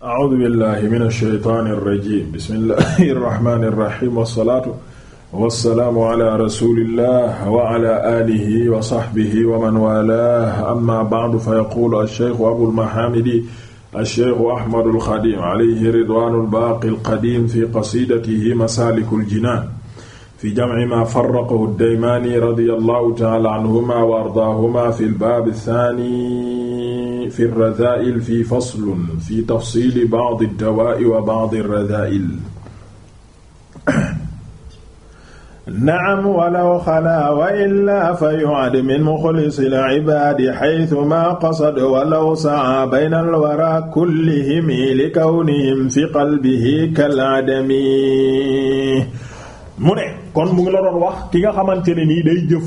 a'uudu billahi mina shaytaani rajiim bismillahi rahmaani rahiim wasalaatu wasalaamu ala rasulillah wa ala aalihi wa sahbihi wa man waalaahu amma ba'du fa yaquulu ash-shaykhu abul mahaamidi ash-shaykhu ahmadul xadiim alayhi ridwaanul baaqil qadiim fi qasiidatihi masaalikul jinaan fi jamci maa farraqahu ad-daymaani radiyallahu ta'aala anhumaa wa ardaahuma fil baabi saani. fi radaail fi faslun fi tafsili ba'd ad-dawaa'i wa ba'd ar-radaail naam walaw xalaa wa illaa fa yu'ad min muxlisil ibaadi xaytu maa qasad walaw sa'a bayna al-waraa kullihim li kawnihim fi qalbihi kal-'adami mu ne kon mu ngi la doon wax ki nga xamante ne nii day jëf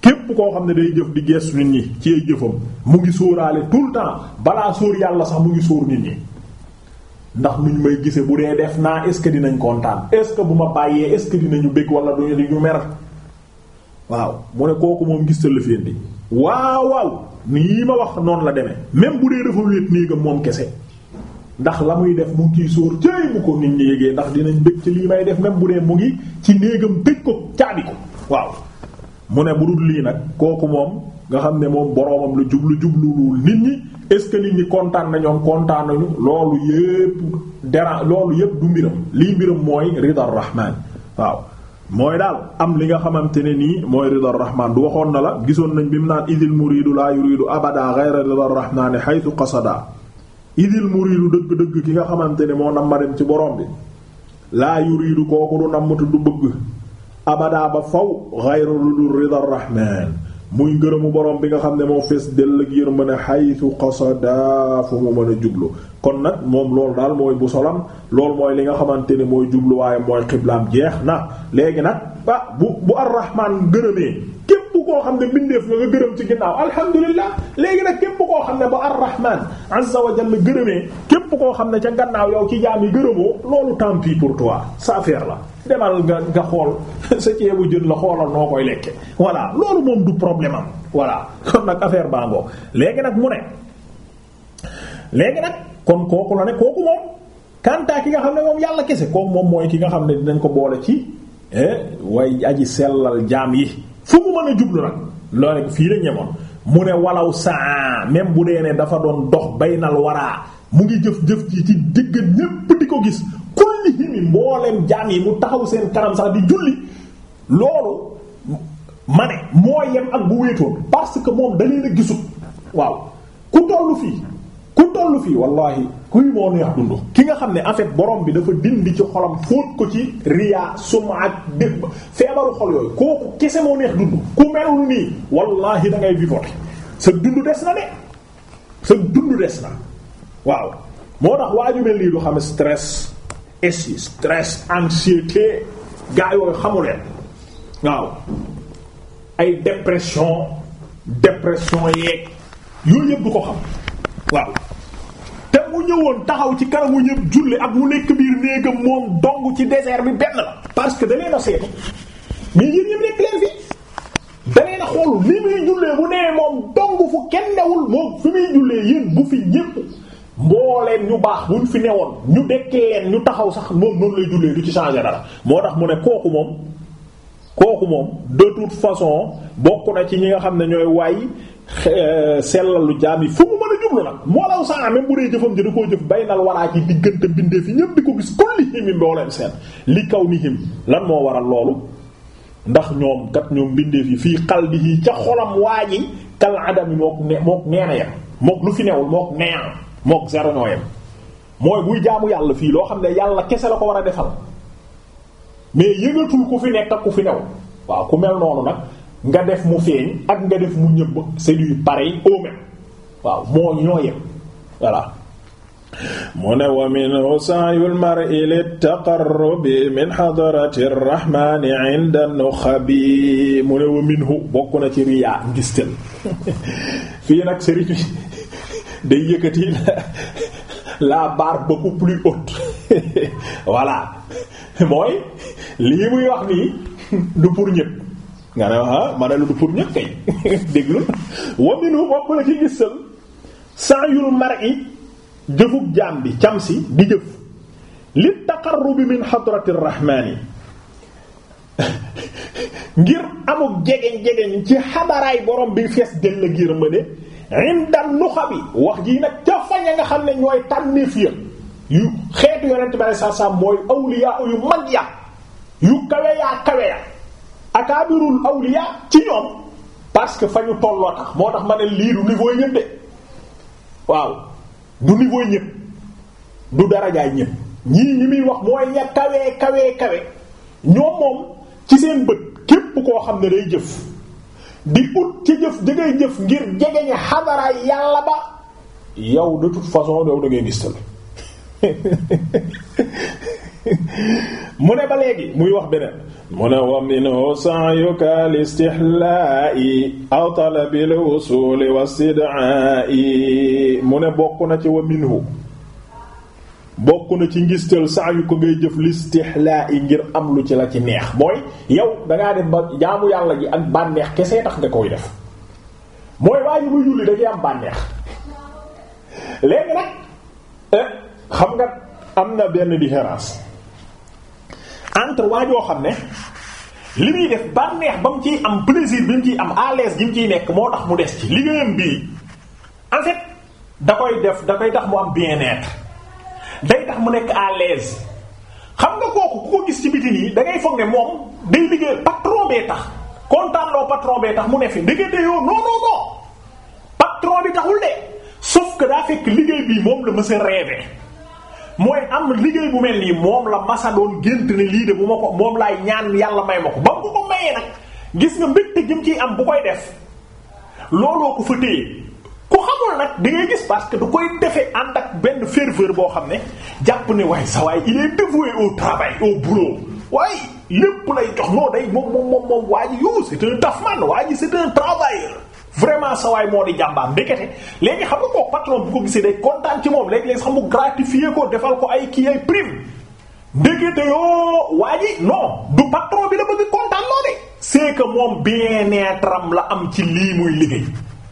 képp koo xam ne day jëf di geestu nit ñi ci ay jëfam mu ngi sóoraale tout le temps balaa sóor yàlla sax mu ngi sóor nit ñi ndax nuñ may gisee bu dee def naa est-ce que dinañ kontaan est-ce que bu ma bàyyee est-ce que dinañu bëgg wala du di ñu mer waaw mu ne kooku moom gis la feen bi waaw waaw nii ma wax noonu la demee même bu dee dafa wéet néegam moom kese ndax la muy def mu ngi ciy sóor cëy bu ko nit ñi yégee ndax dinañ bëgg ci lii may def même bu dee mu ngi ci néegam tëj ko caabi ko waaw mu ne bu dul lii nag kooku moom nga xam ne moom boroomam lu jublu jubluwul nit ñi est nit ñi kontaan na ñoom kontaan loolu yépp dera loolu yépp du mbiram lii mbiram mooy ridar rahman waaw mooy daal am li nga xamante ne nii mooy ridar rahman du waxoon na la gisoon nañ bi mu naan idil muridu laa yuridu abada ghayra ridar rahmani haythu qasada idil muridu dëgg-dëgg ki nga xamante ne moo nam ma ci borom bi laa yuridu kooku du nammatu du bëgg abadaa ba faw xayra lu dul ridar rahman muy ngërëmu borom bi nga xam ne moo fees dell ak yërmande xaytu qasada fu mu mën a jublu kon nag moom loolu daal mooy bu solam loolu mooy li nga xamante ne mooy jubluwaayam mooy xiblaam jeex na léegi nag ah bu bu ar rahman koo xam ne bindeef nga nga gërëm ci ginnaaw alhamdulilah léegi nag képp koo xam ne ba arrahman azza wa jalla gërëmee képp koo xam ne ca gannaaw yow ci jaam yi gërëmoo loolu tant pour toi sa affaire la demal nga nga xool sa ceebu jën la xoolal noo koy lekke voilà loolu moom du problème am voilà kon nag affaire baa ngoo léegi nag mu ne léegi nag kon kooku la ne kooku moom kantaa ki nga xam ne moom yàlla kese kooku moom mooy ki nga xam ne dinañ ko boole ci eh, way aji sellal jaam yi fu mu mën a jublu nag loolu fii la ñemoon mu ne walaw saa même bu dee ne dafa doon dox baynal waraa mu ngi jëf-jëf ci ci digg ñépp di ko gis kullihim mbooleem jaam yi mu taxaw seen kanam sax di julli loolu ma ne moo yem ak bu wéetoon parce que moom da leen a gisut waaw ku tollu fii ku tollu fii wallahi kuy moo neex dund ki nga xam ne en fait borom bi dafa dindi ci xolam fóot ko ci riyaa suma ak dégg ba feebaru xol yooyu kooku kese moo neex dund ku melul nii wallaahi da ngay sa dund des na de sa dund des na waaw moo tax waaju mel nii du xam stress essi stress anxiété gaa yooyu xamuleen waaw ay dépression dépression yeeg yooyu yëpp du ko xam waaw bu ñëwoon taxaw ci kanamu ñëpp julli ak mu nekk biir néegam moom dong ci désert bi benn la. parce que da leen a seetu mais yéen nekk leen fi da leen xool li muy jullee bu nee moom dong fu kenn newul moo fi muy jullee yéen bu fi ñëpp mbooleen ñu baax buñ fi newoon ñu dekkee leen ñu taxaw sax moom noonu lay jullee du ci changer dara moo tax mu ne kooku moom. kooku moom de toute façon bokk na ci ñi nga xam ne ñooy waay euh, sellalu jaam yi fu seetlu nag moo law saa même bu dee jëfam ji koo jëf bay nal waraa ci diggante mbindee fi ñëpp di ko gis kulli him yi mbooleem seen li kaw ni him lan moo waral loolu ndax ñoom kat ñoom mbindeef yi fii qalbihi ca xolam waa ji kal adami mook ne mook neena yem mook lu fi newul mook neena mook zero ñoo mooy buy jaamu yàlla fii loo xam ne yàlla kese la ko war a defal mais yëgatul ku fi nekk ak ku fi new waaw ku mel noonu nag nga def mu feeñ ak nga def mu ñëbb waaw moo ñoo yem voilà mu ne wa minhu sa'yul mar'i littaqarrubi min hadarati rrahmani 'inda nuxabi mu ne wa minhu bokk na ci riyaa ngistal fii nag sëriñ bi day yëkkati la barre beaucoup plus haute voilà mooy lii muy wax nii du pour ñëpp nga ne wax ah, ma ne du pour ñëpp kay déglu wa minhu bokk na ci ngistal sa'yul mar'i jëfug jaam bi cam si di jëf li taqarrubi min hadratir rahmani ngir amuk jegeñ jegeñ ci xabaraay borom bi fees dell ngir ma ne indal nuxa bi wax jii nag ca fañ nga xam ne ñooy tànneef ya yu xeetu yonent bi saa saa mooy awliya yu mag ya yu kawe yaa kawe ya akaabirul awliya ci ñoom parce que fa ñu tolloo tax moo tax ma ne lii du niveau yëpp waaw du niveau ñëpp du darajaay ñëpp ñii ñi muy wax mooy ya kawee kawee kawe ñoom moom ci seen bët képp koo xam ne day jëf di ut ci jëf di ngay jëf ngir jegeñe xadaraay yàlla ba yow de toute façon yow da ngay mu ne ba léegi muy wax beneen mu ne wa minhu sa'yuka li istihlaa'i aw talabil wusuuli wa istidaa'i mu ne bokk na ci wa minhu bokk na ci ngistal sa'yu ko ngay jëf li ngir am lu ci la ci neex mooy yow dangaa def ba jaamu yàlla ji ak bànneex kese tax nga koy def mooy waa ji muy julli da am bànneex léegi nag eh, xam nga am na benn différence entre waa joo xam ne li muy def bànneex ba mu ciy am plaisir bi mu ciy am à l'aise gi mu ciy nekk moo tax mu des ci liggéeyam bii en fait da koy def da koy tax mu am bien-être day tax mu nekk à l'aise xam nga kooku ku ko gis ci biti nii da ngay foog ne moom day liggéey patron bee tax kontaan loo patron bee tax mu ne fi ndekete yoo non non non patron bi taxul de sauf que daa fekk liggéey bii moom la ma a rêvé. mooy am liggéey bu mel nii moom la masa doon gént ne lii de bu ma ko moom laay ñaan yàlla may ma ko ba mu ko mayee nag gis nga mbégte gi mu ciy am bu koy def looloo ko fa téye ku xamul nag da gis parce que du koy defee ànd ak benn ferveur boo xam ne jàpp ne waaye sa waay il est dévoué au travail au boulot waaye lépp lay jox noo day moom moom moom waa ji yow c'est un tafman waa ji c'est un travailleur vraiment sa waay moo di jàmbaam ndekete léegi xam nga koo patron bu ko gisee day kontaan ci moom léegi-léegi sax mu gratifier ko defal ko ay kii ay prime ndekete yoo waa ji du patron bi la bëgg kontaan loo de c'est moom bien-être la am ci lii muy liggéey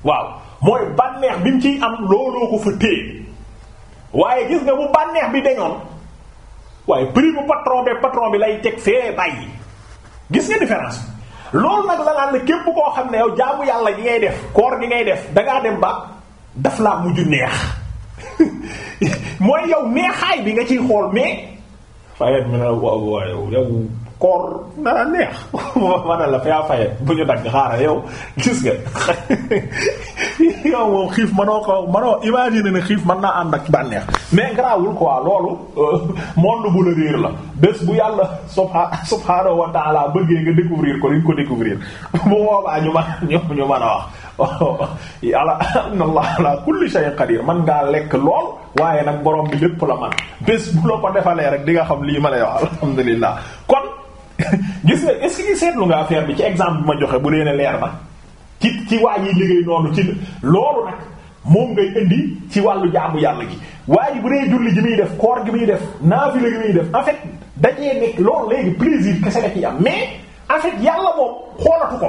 waaw mooy bànneex bi mu ciy am looloo ko fa téye waaye gis nga bu bànneex bi dañoon waaye prime patron bi patron bi lay teg fee bàyyi gis nga différence loolu nag la naan ne képp koo xam ne yow jaabu yàlla gi ngay def koor gi ngay def dangaa dem ba daf laa mujj neex mooy yow neexaay bi nga ciy xool mais. waaye mu ne waaw waaye yow koor dana neex ma ne la fa yaa faye bu ñu dagg xaaral yow gis nga yow moom xiif manoo ko manoo imaginer ne xiif man naa ànd ak bànneex mais garaawul quoi loolu euh, monde bu la réer la bés bu yàlla subhaanahu wa ta'ala bëggee nga découvrir ko li nga ko découvrir bu boobaa ñu mën ñu ñu mën a wax yàlla inna allah ala kulli shay'in qadir man ngaa lekk lool waaye nag borom bi lépp la man bés bu la ko defalee rek di nga xam lii ma lay wax alhamdulillah gis nga est seetlu nga affaire bi ci exemple bi ma joxee bu dee ne leer na ci ci waa yi liggéey noonu ci loolu nag moom ngay indi ci wàllu jaamu yàlla gi waaye bu dee julli gi muy def koor gi muy def naafila gi muy def en fait dajee nekk loolu léegi plaisir kese nga ci am mais en yàlla moom xoolatu ko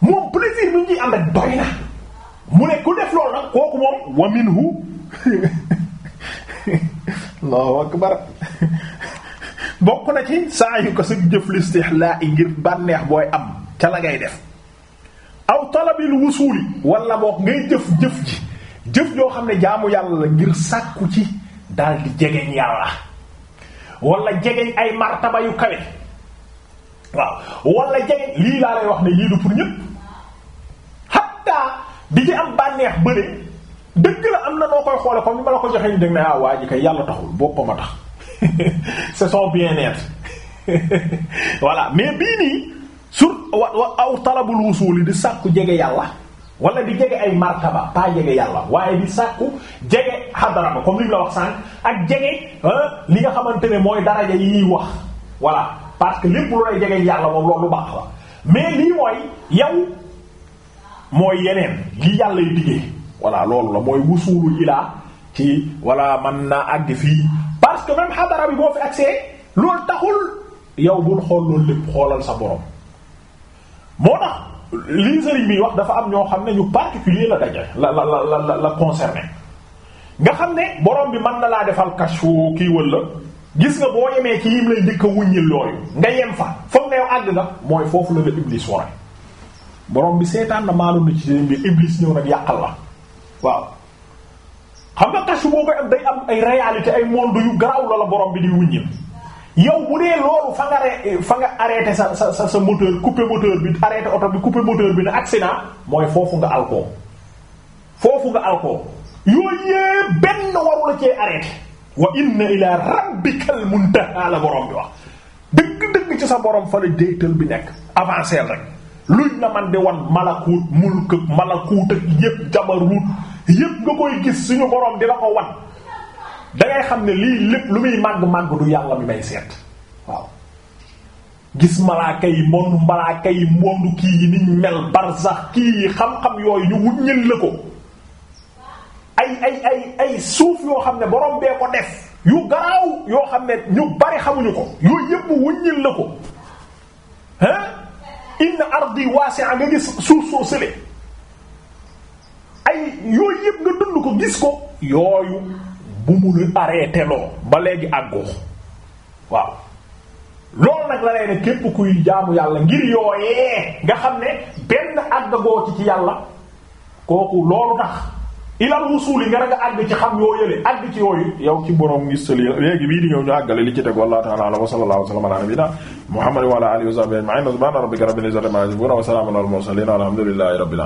moom plaisir bi ñuy am rek doy na mu ne ku def loolu nag kooku moom wa minhu Allahu akbar bokk na ci saa yu ko sa jëf listihlaa i ngir bànneex booy am ca la ngay def aw talabil wusuuli wala boog ngay jëf jëf ji jëf joo xam ne jaamu yàlla la ngir sàkku ci daal di jegeñ yàlla wala jegeñ ay martaba yu kawe waaw wala jegeñ lii laa lay wax ne yii du pour ñëpp hatta di ci am bànneex bëre dëgg la am na noo koy xoole comme ma la ko joxee ñu dégg ne ah waa ji yàlla taxul boppam a tax. c'est son bien-être voilà mais bii nii sur wa wa aw talabul wusuuli di sàkku jege yàlla wala di jege ay martaba pas jege yàlla waaye di sàkku jege xadara ba comme li ñu la wax sànq ak jege euh, li nga xamante ne mooy daraja yi ñuy wax voilà parce que lépp lu lay jege yàlla moom loolu baax la mais lii mooy yow mooy yeneen li yàlla yi diggee voilà loolu la mooy wusuulu ilaa ci walla man naa àgg fii parce que même xadara boo fi accès loolu taxul yow bul xool loolu lépp xoolal sa borom moo tax lii sëriñ bi wax dafa am ñoo xam ne ñu particulier la daje la la la la la concerné nga xam ne boroom bi mën na laa defal kashu kii walla gis nga boo yemee ci yim lay njëkk a wuññil looyu nga yem fa foog nga yow àgg nga mooy foofu la la iblis wara borom bi seetaan na maaloon na ci seen biir iblis ñëw nag yàqal la waaw xam nga kàcc boo koy am day am ay réalité ay monde yu garaaw la la borom bi di wuññil yow bu dee loolu fa nga re fa sa sa sa moteur couper moteur bi arrêté oto bi couper moteur bi ne accident mooy foofu nga alcool foofu nga alcool yooyu yëpp benn waru cee arrêté. wa inna ila rabbikal muntaha la borom bi wax dëgg-dëgg ci sa borom fa la déytal bi nekk avancé rek luñ la man di wan malakut mulk malakut ak jabarut. yépp nga koy gis suñu borom di la ko wan da xam ne lii lépp lu muy màgg-màgg du yàlla mi may seet waaw gis malaaka yi mondu malaaka yi mondu kii yi niñ mel barsax kii yi xam-xam yooyu ñu wuññil la ko ay ay ay ay suuf yoo xam ne borom bee ko def yu garaaw yoo xam ne ñu bari xamuñu ko yooyu yépp wuññil la ko ah inna ardi wasi'a nga gis suuf soo sële ay yooyu yëpp nga dund ko gis ko yooyu bu mu la arrêté loo ba léegi àggoo waaw loolu nag la lay ne képp kuy jaamu yàlla ngir yooyee nga xam ne benn àggagoo ci ci yàlla kooku loolu tax ilal wusuuli nga nga àgg ci xam yooyu yow ci borom ngis sali léegi bii di ñëw ñu àggale li ci teg wallahu ta'ala ala wa wa sallam wa ala alihi wa sahbihi ajma'in subhana rabbika rabbil